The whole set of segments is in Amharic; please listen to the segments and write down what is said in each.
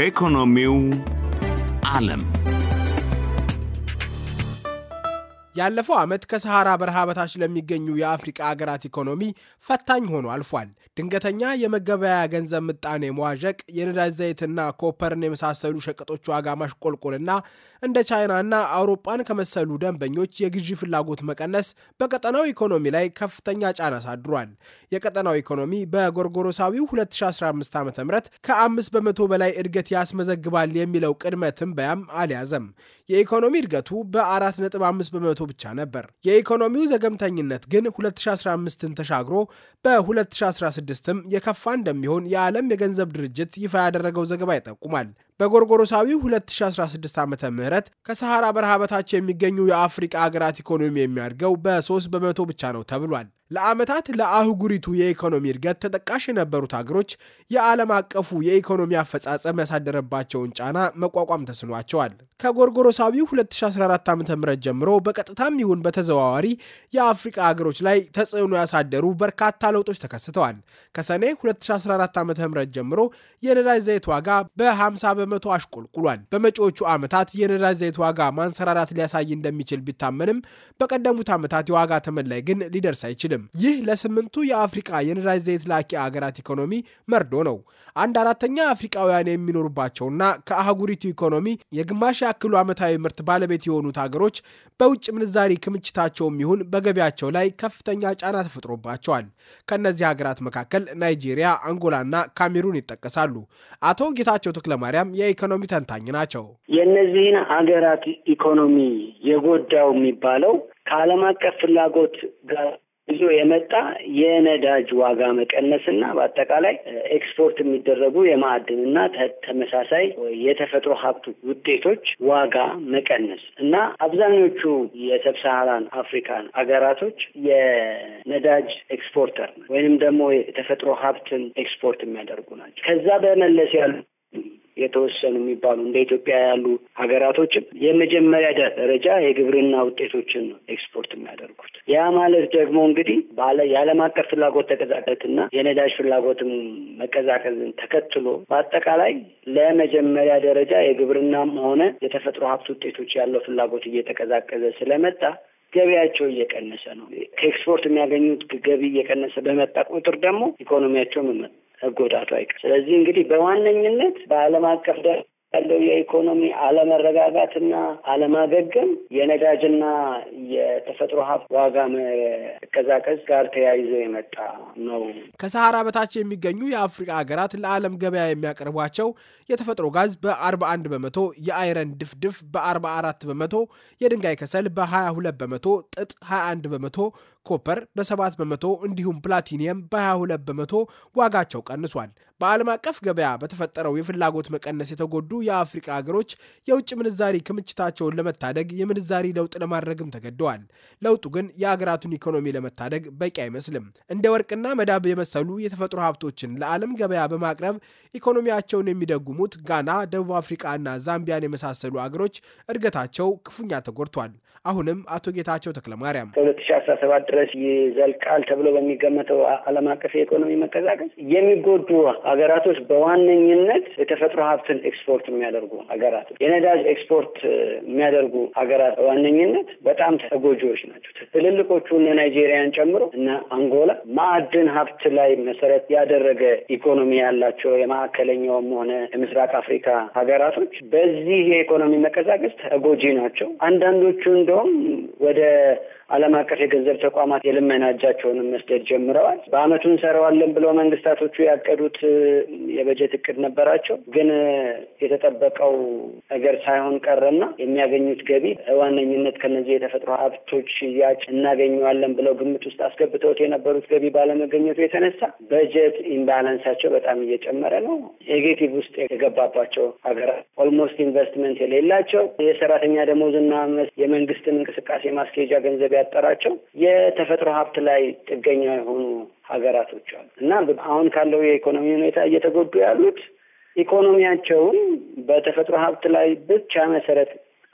ከኢኮኖሚው ዓለም ያለፈው ዓመት ከሰሐራ በረሃ በታች ለሚገኙ የአፍሪቃ አገራት ኢኮኖሚ ፈታኝ ሆኖ አልፏል። ድንገተኛ የመገበያ ገንዘብ ምጣኔ መዋዠቅ፣ የነዳጅ ዘይትና ኮፐርን የመሳሰሉ ሸቀጦች ዋጋ ማሽቆልቆልና እንደ ቻይናና አውሮፓን ከመሰሉ ደንበኞች የግዢ ፍላጎት መቀነስ በቀጠናው ኢኮኖሚ ላይ ከፍተኛ ጫና አሳድሯል። የቀጠናው ኢኮኖሚ በጎርጎሮሳዊው 2015 ዓ ም ከአምስት በመቶ በላይ እድገት ያስመዘግባል የሚለው ቅድመ ትንበያም አልያዘም። የኢኮኖሚ እድገቱ በ4.5 በመቶ ብቻ ነበር። የኢኮኖሚው ዘገምተኝነት ግን 2015ን ተሻግሮ በ2016ም የከፋ እንደሚሆን የዓለም የገንዘብ ድርጅት ይፋ ያደረገው ዘገባ ይጠቁማል። በጎርጎሮሳዊው 2016 ዓ ም ከሰሐራ በረሃ በታች የሚገኙ የአፍሪቃ ሀገራት ኢኮኖሚ የሚያድገው በ3 በመቶ ብቻ ነው ተብሏል። ለዓመታት ለአህጉሪቱ የኢኮኖሚ እድገት ተጠቃሽ የነበሩት አገሮች የዓለም አቀፉ የኢኮኖሚ አፈጻጸም ያሳደረባቸውን ጫና መቋቋም ተስኗቸዋል። ከጎርጎሮሳዊው 2014 ዓ ም ጀምሮ በቀጥታም ይሁን በተዘዋዋሪ የአፍሪቃ አገሮች ላይ ተጽዕኖ ያሳደሩ በርካታ ለውጦች ተከስተዋል። ከሰኔ 2014 ዓ ም ጀምሮ የነዳጅ ዘይት ዋጋ በ50 በመቶ አሽቆልቁሏል። በመጪዎቹ ዓመታት የነዳጅ ዘይት ዋጋ ማንሰራራት ሊያሳይ እንደሚችል ቢታመንም በቀደሙት ዓመታት የዋጋ ተመን ላይ ግን ሊደርስ አይችልም። አይችልም። ይህ ለስምንቱ የአፍሪቃ የነዳጅ ዘይት ላኪ አገራት ኢኮኖሚ መርዶ ነው። አንድ አራተኛ አፍሪቃውያን የሚኖሩባቸውና ከአህጉሪቱ ኢኮኖሚ የግማሽ ያክሉ ዓመታዊ ምርት ባለቤት የሆኑት አገሮች በውጭ ምንዛሪ ክምችታቸውም ይሁን በገቢያቸው ላይ ከፍተኛ ጫና ተፈጥሮባቸዋል። ከእነዚህ ሀገራት መካከል ናይጄሪያ፣ አንጎላና ካሜሩን ይጠቀሳሉ። አቶ ጌታቸው ተክለማርያም የኢኮኖሚ ተንታኝ ናቸው። የእነዚህን አገራት ኢኮኖሚ የጎዳው የሚባለው ከዓለም አቀፍ ፍላጎት ጋር ይዞ የመጣ የነዳጅ ዋጋ መቀነስና በአጠቃላይ ኤክስፖርት የሚደረጉ የማዕድንና ተመሳሳይ የተፈጥሮ ሀብቱ ውጤቶች ዋጋ መቀነስ እና አብዛኞቹ የሰብሳሃራን አፍሪካን አገራቶች የነዳጅ ኤክስፖርተር ወይንም ደግሞ የተፈጥሮ ሀብትን ኤክስፖርት የሚያደርጉ ናቸው። ከዛ በመለስ ያሉ የተወሰኑ የሚባሉ እንደ ኢትዮጵያ ያሉ ሀገራቶችም የመጀመሪያ ደረጃ የግብርና ውጤቶችን ነው ኤክስፖርት የሚያደርጉት። ያ ማለት ደግሞ እንግዲህ ባለ የዓለም አቀፍ ፍላጎት ተቀዛቀዝና የነዳጅ ፍላጎትም መቀዛቀዝን ተከትሎ በአጠቃላይ ለመጀመሪያ ደረጃ የግብርናም ሆነ የተፈጥሮ ሀብት ውጤቶች ያለው ፍላጎት እየተቀዛቀዘ ስለመጣ ገቢያቸው እየቀነሰ ነው። ከኤክስፖርት የሚያገኙት ገቢ እየቀነሰ በመጣ ቁጥር ደግሞ ኢኮኖሚያቸው መመ መጎዳቱ አይቀር። ስለዚህ እንግዲህ በዋነኝነት በዓለም አቀፍ ደረጃ ያለው የኢኮኖሚ አለመረጋጋትና አለማገገም የነዳጅና የተፈጥሮ ሀብት ዋጋ መቀዛቀዝ ጋር ተያይዞ የመጣ ነው። ከሰሐራ በታች የሚገኙ የአፍሪካ ሀገራት ለዓለም ገበያ የሚያቀርቧቸው የተፈጥሮ ጋዝ በ41 በመቶ፣ የአይረን ድፍድፍ በ44 በመቶ፣ የድንጋይ ከሰል በ22 በመቶ፣ ጥጥ 21 በመቶ ኮፐር በ7 በመቶ እንዲሁም ፕላቲኒየም በ22 በመቶ ዋጋቸው ቀንሷል። በዓለም አቀፍ ገበያ በተፈጠረው የፍላጎት መቀነስ የተጎዱ የአፍሪካ ሀገሮች የውጭ ምንዛሪ ክምችታቸውን ለመታደግ የምንዛሪ ለውጥ ለማድረግም ተገደዋል። ለውጡ ግን የአገራቱን ኢኮኖሚ ለመታደግ በቂ አይመስልም። እንደ ወርቅና መዳብ የመሰሉ የተፈጥሮ ሀብቶችን ለዓለም ገበያ በማቅረብ ኢኮኖሚያቸውን የሚደጉሙት ጋና፣ ደቡብ አፍሪካ እና ዛምቢያን የመሳሰሉ አገሮች እድገታቸው ክፉኛ ተጎድቷል። አሁንም አቶ ጌታቸው ተክለማርያም ከ2017 ድረስ ይዘልቃል ተብሎ በሚገመተው ዓለም አቀፍ የኢኮኖሚ መቀዛቀዝ የሚጎዱ ሀገራቶች በዋነኝነት የተፈጥሮ ሀብትን ኤክስፖርት የሚያደርጉ ሀገራቶች፣ የነዳጅ ኤክስፖርት የሚያደርጉ ሀገራት በዋነኝነት በጣም ተጎጂዎች ናቸው። ትልልቆቹ እነ ናይጄሪያን ጨምሮ እነ አንጎላ ማዕድን ሀብት ላይ መሰረት ያደረገ ኢኮኖሚ ያላቸው የማዕከለኛውም ሆነ የምስራቅ አፍሪካ ሀገራቶች በዚህ የኢኮኖሚ መቀዛቀዝ ተጎጂ ናቸው። አንዳንዶቹ እንደውም ወደ ዓለም አቀፍ የገንዘብ ተቋም ተቋማት የልመና እጃቸውንም መስደድ ጀምረዋል። በአመቱ እንሰራዋለን ብለው መንግስታቶቹ ያቀዱት የበጀት እቅድ ነበራቸው። ግን የተጠበቀው ነገር ሳይሆን ቀረና የሚያገኙት ገቢ ዋነኝነት ከነዚህ የተፈጥሮ ሀብቶች ሽያጭ እናገኘዋለን ብለው ግምት ውስጥ አስገብተውት የነበሩት ገቢ ባለመገኘቱ የተነሳ በጀት ኢምባላንሳቸው በጣም እየጨመረ ነው። ኔጌቲቭ ውስጥ የገባባቸው ሀገራት ኦልሞስት ኢንቨስትመንት የሌላቸው የሰራተኛ ደሞዝና የመንግስትን እንቅስቃሴ ማስኬጃ ገንዘብ ያጠራቸው በተፈጥሮ ሀብት ላይ ጥገኛ የሆኑ ሀገራቶች አሉ እና አሁን ካለው የኢኮኖሚ ሁኔታ እየተጎዱ ያሉት ኢኮኖሚያቸውን በተፈጥሮ ሀብት ላይ ብቻ መሰረት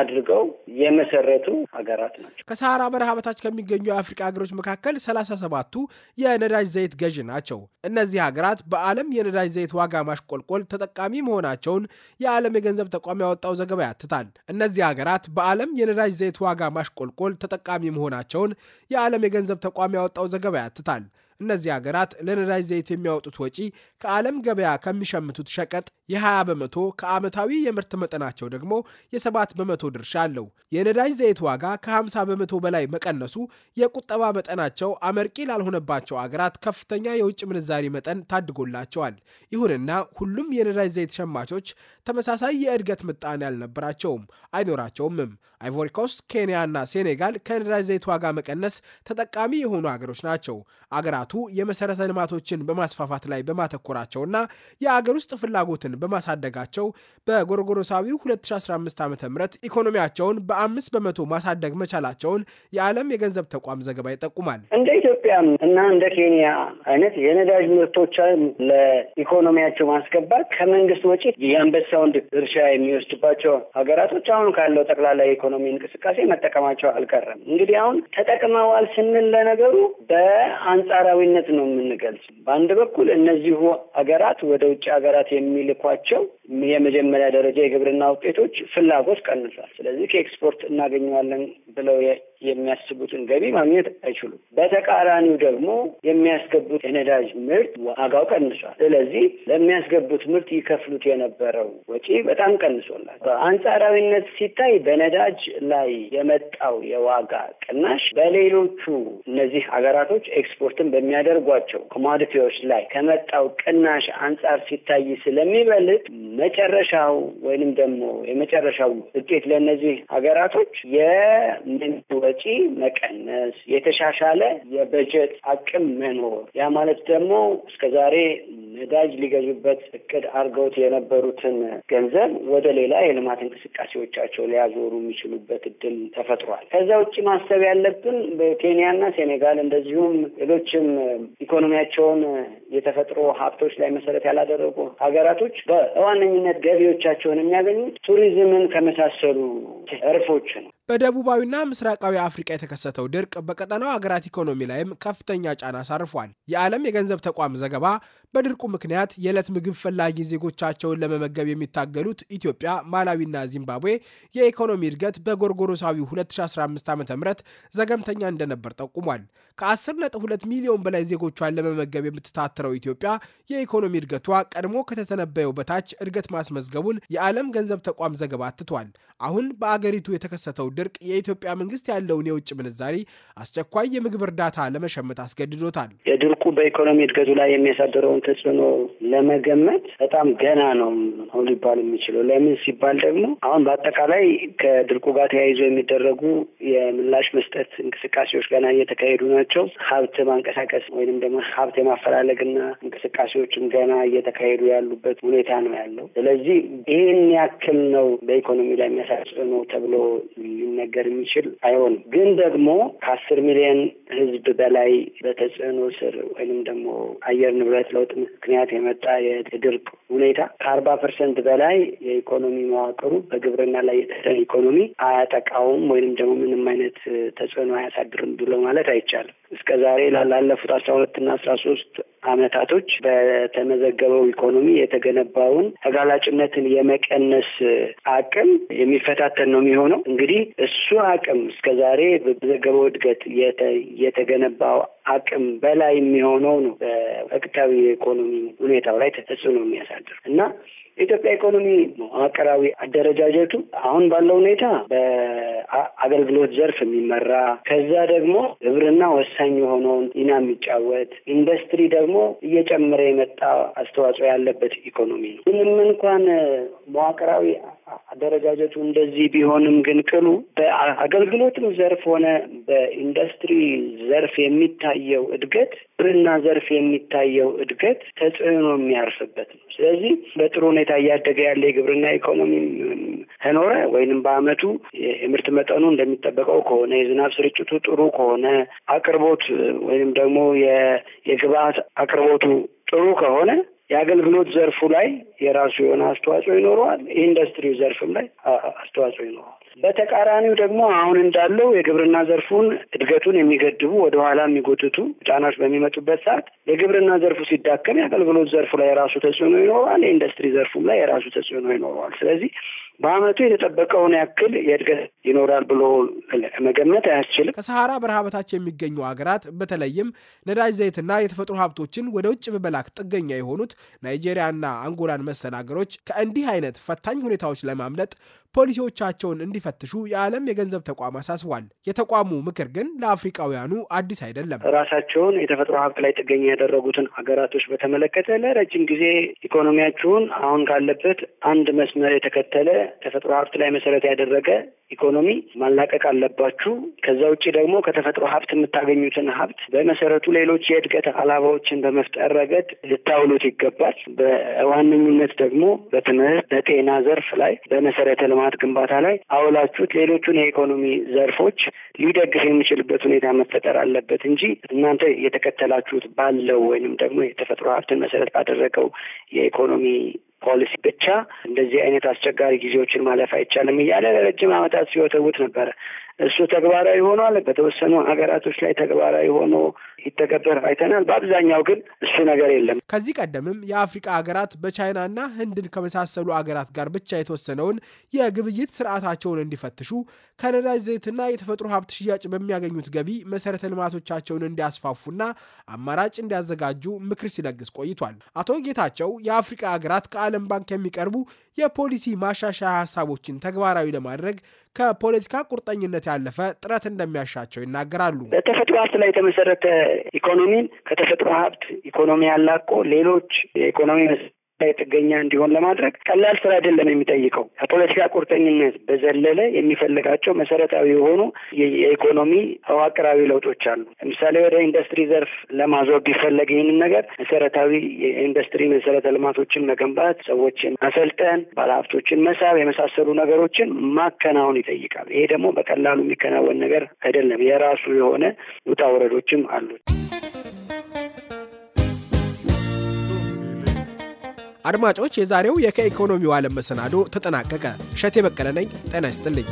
አድርገው የመሰረቱ ሀገራት ናቸው። ከሰሃራ በረሃ በታች ከሚገኙ የአፍሪቃ ሀገሮች መካከል ሰላሳ ሰባቱ የነዳጅ ዘይት ገዢ ናቸው። እነዚህ ሀገራት በዓለም የነዳጅ ዘይት ዋጋ ማሽቆልቆል ተጠቃሚ መሆናቸውን የዓለም የገንዘብ ተቋም ያወጣው ዘገባ ያትታል። እነዚህ ሀገራት በዓለም የነዳጅ ዘይት ዋጋ ማሽቆልቆል ተጠቃሚ መሆናቸውን የዓለም የገንዘብ ተቋም ያወጣው ዘገባ ያትታል። እነዚህ ሀገራት ለነዳጅ ዘይት የሚያወጡት ወጪ ከዓለም ገበያ ከሚሸምቱት ሸቀጥ የ20 በመቶ ከዓመታዊ የምርት መጠናቸው ደግሞ የ7 በመቶ ድርሻ አለው። የነዳጅ ዘይት ዋጋ ከ50 በመቶ በላይ መቀነሱ የቁጠባ መጠናቸው አመርቂ ላልሆነባቸው አገራት ከፍተኛ የውጭ ምንዛሪ መጠን ታድጎላቸዋል። ይሁንና ሁሉም የነዳጅ ዘይት ሸማቾች ተመሳሳይ የእድገት ምጣኔ አልነበራቸውም፣ አይኖራቸውምም። አይቮሪኮስት፣ ኬንያና ሴኔጋል ከነዳጅ ዘይት ዋጋ መቀነስ ተጠቃሚ የሆኑ አገሮች ናቸው። አገራቱ የመሰረተ ልማቶችን በማስፋፋት ላይ በማተኮራቸውና የአገር ውስጥ ፍላጎትን በማሳደጋቸው በጎርጎሮሳዊው 2015 ዓ ም ኢኮኖሚያቸውን በአምስት በመቶ ማሳደግ መቻላቸውን የዓለም የገንዘብ ተቋም ዘገባ ይጠቁማል። እንደ ኢትዮጵያም እና እንደ ኬንያ አይነት የነዳጅ ምርቶችን ለኢኮኖሚያቸው ማስገባት ከመንግስት ወጪ የአንበሳውን ድርሻ የሚወስድባቸው ሀገራቶች አሁን ካለው ጠቅላላ የኢኮኖሚ እንቅስቃሴ መጠቀማቸው አልቀረም። እንግዲህ አሁን ተጠቅመዋል ስንል ለነገሩ በአንጻራዊነት ነው የምንገልጽ። በአንድ በኩል እነዚሁ ሀገራት ወደ ውጭ ሀገራት የሚልኳቸው የመጀመሪያ ደረጃ የግብርና ውጤቶች ፍላጎት ቀንሷል። ስለዚህ ከኤክስፖርት እናገኘዋለን ብለው የሚያስቡትን ገቢ ማግኘት አይችሉም። በተቃራኒው ደግሞ የሚያስገቡት የነዳጅ ምርት ዋጋው ቀንሷል። ስለዚህ ለሚያስገቡት ምርት ይከፍሉት የነበረው ወጪ በጣም ቀንሶላል። በአንጻራዊነት ሲታይ በነዳጅ ላይ የመጣው የዋጋ ቅናሽ በሌሎቹ እነዚህ ሀገራቶች ኤክስፖርትን በሚያደርጓቸው ኮማዲቲዎች ላይ ከመጣው ቅናሽ አንጻር ሲታይ ስለሚበልጥ መጨረሻው ወይንም ደግሞ የመጨረሻው ውጤት ለእነዚህ ሀገራቶች የምንድ ወጪ መቀነስ፣ የተሻሻለ የበጀት አቅም መኖር ያ ማለት ደግሞ እስከዛሬ ነዳጅ ሊገዙበት እቅድ አድርገውት የነበሩትን ገንዘብ ወደ ሌላ የልማት እንቅስቃሴዎቻቸው ሊያዞሩ የሚችሉበት እድል ተፈጥሯል። ከዛ ውጭ ማሰብ ያለብን በኬንያና ሴኔጋል እንደዚሁም ሌሎችም ኢኮኖሚያቸውን የተፈጥሮ ሀብቶች ላይ መሰረት ያላደረጉ ሀገራቶች በዋነኝነት ገቢዎቻቸውን የሚያገኙት ቱሪዝምን ከመሳሰሉ እርፎች ነው። በደቡባዊና ምስራቃዊ አፍሪቃ የተከሰተው ድርቅ በቀጠናው አገራት ኢኮኖሚ ላይም ከፍተኛ ጫና አሳርፏል። የዓለም የገንዘብ ተቋም ዘገባ በድርቁ ምክንያት የዕለት ምግብ ፈላጊ ዜጎቻቸውን ለመመገብ የሚታገሉት ኢትዮጵያ፣ ማላዊና ዚምባብዌ የኢኮኖሚ እድገት በጎርጎሮሳዊ 2015 ዓ ም ዘገምተኛ እንደነበር ጠቁሟል። ከ10.2 ሚሊዮን በላይ ዜጎቿን ለመመገብ የምትታትረው ኢትዮጵያ የኢኮኖሚ እድገቷ ቀድሞ ከተተነበየው በታች እድገት ማስመዝገቡን የዓለም ገንዘብ ተቋም ዘገባ አትቷል። አሁን በአገሪቱ የተከሰተው ድርቅ የኢትዮጵያ መንግስት ያለውን የውጭ ምንዛሪ አስቸኳይ የምግብ እርዳታ ለመሸመት አስገድዶታል። የድርቁ በኢኮኖሚ እድገቱ ላይ የሚያሳድረውን ተጽዕኖ ለመገመት በጣም ገና ነው ነው ሊባል የሚችለው። ለምን ሲባል ደግሞ አሁን በአጠቃላይ ከድርቁ ጋር ተያይዞ የሚደረጉ የምላሽ መስጠት እንቅስቃሴዎች ገና እየተካሄዱ ናቸው። ሀብት ማንቀሳቀስ ወይንም ደግሞ ሀብት የማፈላለግና እንቅስቃሴዎችም ገና እየተካሄዱ ያሉበት ሁኔታ ነው ያለው። ስለዚህ ይህን ያክል ነው በኢኮኖሚ ላይ የሚያሳድረው ተብሎ ሊነገር የሚችል አይሆንም። ግን ደግሞ ከአስር ሚሊዮን ህዝብ በላይ በተጽዕኖ ስር ወይንም ደግሞ አየር ንብረት ለውጥ ምክንያት የመጣ የድርቅ ሁኔታ ከአርባ ፐርሰንት በላይ የኢኮኖሚ መዋቅሩ በግብርና ላይ የተሰ ኢኮኖሚ አያጠቃውም ወይንም ደግሞ ምንም አይነት ተጽዕኖ አያሳድርም ብሎ ማለት አይቻልም። እስከ ዛሬ ላለፉት አስራ ሁለትና አስራ ሶስት አመታቶች በተመዘገበው ኢኮኖሚ የተገነባውን ተጋላጭነትን የመቀነስ አቅም የሚፈታተን ነው የሚሆነው። እንግዲህ እሱ አቅም እስከ ዛሬ በዘገበው እድገት የተገነባው አቅም በላይ የሚሆነው ነው በወቅታዊ የኢኮኖሚ ሁኔታው ላይ ተጽዕኖ የሚያሳድር እና የኢትዮጵያ ኢኮኖሚ መዋቅራዊ አደረጃጀቱ አሁን ባለው ሁኔታ በአገልግሎት ዘርፍ የሚመራ ከዛ ደግሞ ግብርና ወሳኝ የሆነውን ሚና የሚጫወት ኢንዱስትሪ ደግሞ እየጨመረ የመጣ አስተዋጽኦ ያለበት ኢኮኖሚ ነው። ምንም እንኳን መዋቅራዊ አደረጃጀቱ እንደዚህ ቢሆንም ግን ቅሉ በአገልግሎትም ዘርፍ ሆነ በኢንዱስትሪ ዘርፍ የሚታየው እድገት ግብርና ዘርፍ የሚታየው እድገት ተጽዕኖ የሚያርፍበት ነው። ስለዚህ በጥሩ ሁኔታ ሁኔታ እያደገ ያለ የግብርና ኢኮኖሚ ከኖረ ወይንም በአመቱ የምርት መጠኑ እንደሚጠበቀው ከሆነ የዝናብ ስርጭቱ ጥሩ ከሆነ አቅርቦት ወይንም ደግሞ የግብአት አቅርቦቱ ጥሩ ከሆነ የአገልግሎት ዘርፉ ላይ የራሱ የሆነ አስተዋጽኦ ይኖረዋል። የኢንዱስትሪው ዘርፍም ላይ አስተዋጽኦ ይኖረዋል። በተቃራኒው ደግሞ አሁን እንዳለው የግብርና ዘርፉን እድገቱን የሚገድቡ ወደኋላ የሚጎትቱ ጫናዎች በሚመጡበት ሰዓት የግብርና ዘርፉ ሲዳከም የአገልግሎት ዘርፉ ላይ የራሱ ተጽዕኖ ይኖረዋል። የኢንዱስትሪ ዘርፉም ላይ የራሱ ተጽዕኖ ይኖረዋል። ስለዚህ በአመቱ የተጠበቀውን ያክል የእድገት ይኖራል ብሎ መገመት አያስችልም። ከሰሐራ በረሃ በታች የሚገኙ ሀገራት በተለይም ነዳጅ ዘይትና የተፈጥሮ ሀብቶችን ወደ ውጭ በመላክ ጥገኛ የሆኑት ናይጄሪያና አንጎላን መሰል ሀገሮች ከእንዲህ አይነት ፈታኝ ሁኔታዎች ለማምለጥ ፖሊሲዎቻቸውን እንዲፈትሹ የዓለም የገንዘብ ተቋም አሳስቧል። የተቋሙ ምክር ግን ለአፍሪቃውያኑ አዲስ አይደለም። ራሳቸውን የተፈጥሮ ሀብት ላይ ጥገኛ ያደረጉትን ሀገራቶች በተመለከተ ለረጅም ጊዜ ኢኮኖሚያችሁን አሁን ካለበት አንድ መስመር የተከተለ ተፈጥሮ ሀብት ላይ መሰረት ያደረገ ኢኮኖሚ ማላቀቅ አለባችሁ። ከዛ ውጭ ደግሞ ከተፈጥሮ ሀብት የምታገኙትን ሀብት በመሰረቱ ሌሎች የእድገት አላባዎችን በመፍጠር ረገድ ልታውሉት ይገባል። በዋነኝነት ደግሞ በትምህርት በጤና ዘርፍ ላይ በመሰረተ ልማት ግንባታ ላይ አውላችሁት ሌሎቹን የኢኮኖሚ ዘርፎች ሊደግፍ የሚችልበት ሁኔታ መፈጠር አለበት እንጂ እናንተ የተከተላችሁት ባለው ወይንም ደግሞ የተፈጥሮ ሀብትን መሰረት ባደረገው የኢኮኖሚ ፖሊሲ ብቻ እንደዚህ አይነት አስቸጋሪ ጊዜዎችን ማለፍ አይቻልም እያለ ለረጅም ዓመታት ሲወተውት ነበረ። እሱ ተግባራዊ ሆኗል። በተወሰኑ ሀገራቶች ላይ ተግባራዊ ሆኖ ይተገበር አይተናል። በአብዛኛው ግን እሱ ነገር የለም። ከዚህ ቀደምም የአፍሪቃ ሀገራት በቻይናና ህንድን ከመሳሰሉ ሀገራት ጋር ብቻ የተወሰነውን የግብይት ስርዓታቸውን እንዲፈትሹ ከነዳጅ ዘይትና የተፈጥሮ ሀብት ሽያጭ በሚያገኙት ገቢ መሰረተ ልማቶቻቸውን እንዲያስፋፉና አማራጭ እንዲያዘጋጁ ምክር ሲለግስ ቆይቷል። አቶ ጌታቸው የአፍሪቃ ሀገራት ከዓለም ባንክ የሚቀርቡ የፖሊሲ ማሻሻያ ሀሳቦችን ተግባራዊ ለማድረግ ከፖለቲካ ቁርጠኝነት ያለፈ ጥረት እንደሚያሻቸው ይናገራሉ። በተፈጥሮ ሀብት ላይ የተመሰረተ ኢኮኖሚን ከተፈጥሮ ሀብት ኢኮኖሚ ያላቆ ሌሎች የኢኮኖሚ ላይ ጥገኛ እንዲሆን ለማድረግ ቀላል ስራ አይደለም የሚጠይቀው። ከፖለቲካ ቁርጠኝነት በዘለለ የሚፈልጋቸው መሰረታዊ የሆኑ የኢኮኖሚ አዋቅራዊ ለውጦች አሉ። ለምሳሌ ወደ ኢንዱስትሪ ዘርፍ ለማዞር ቢፈለግ ይህንን ነገር መሰረታዊ የኢንዱስትሪ መሰረተ ልማቶችን መገንባት፣ ሰዎችን ማሰልጠን፣ ባለሀብቶችን መሳብ የመሳሰሉ ነገሮችን ማከናወን ይጠይቃል። ይሄ ደግሞ በቀላሉ የሚከናወን ነገር አይደለም። የራሱ የሆነ ውጣ ውረዶችም አሉት። አድማጮች፣ የዛሬው የከኢኮኖሚው ዓለም መሰናዶ ተጠናቀቀ። እሸቴ በቀለ ነኝ። ጤና ይስጥልኝ።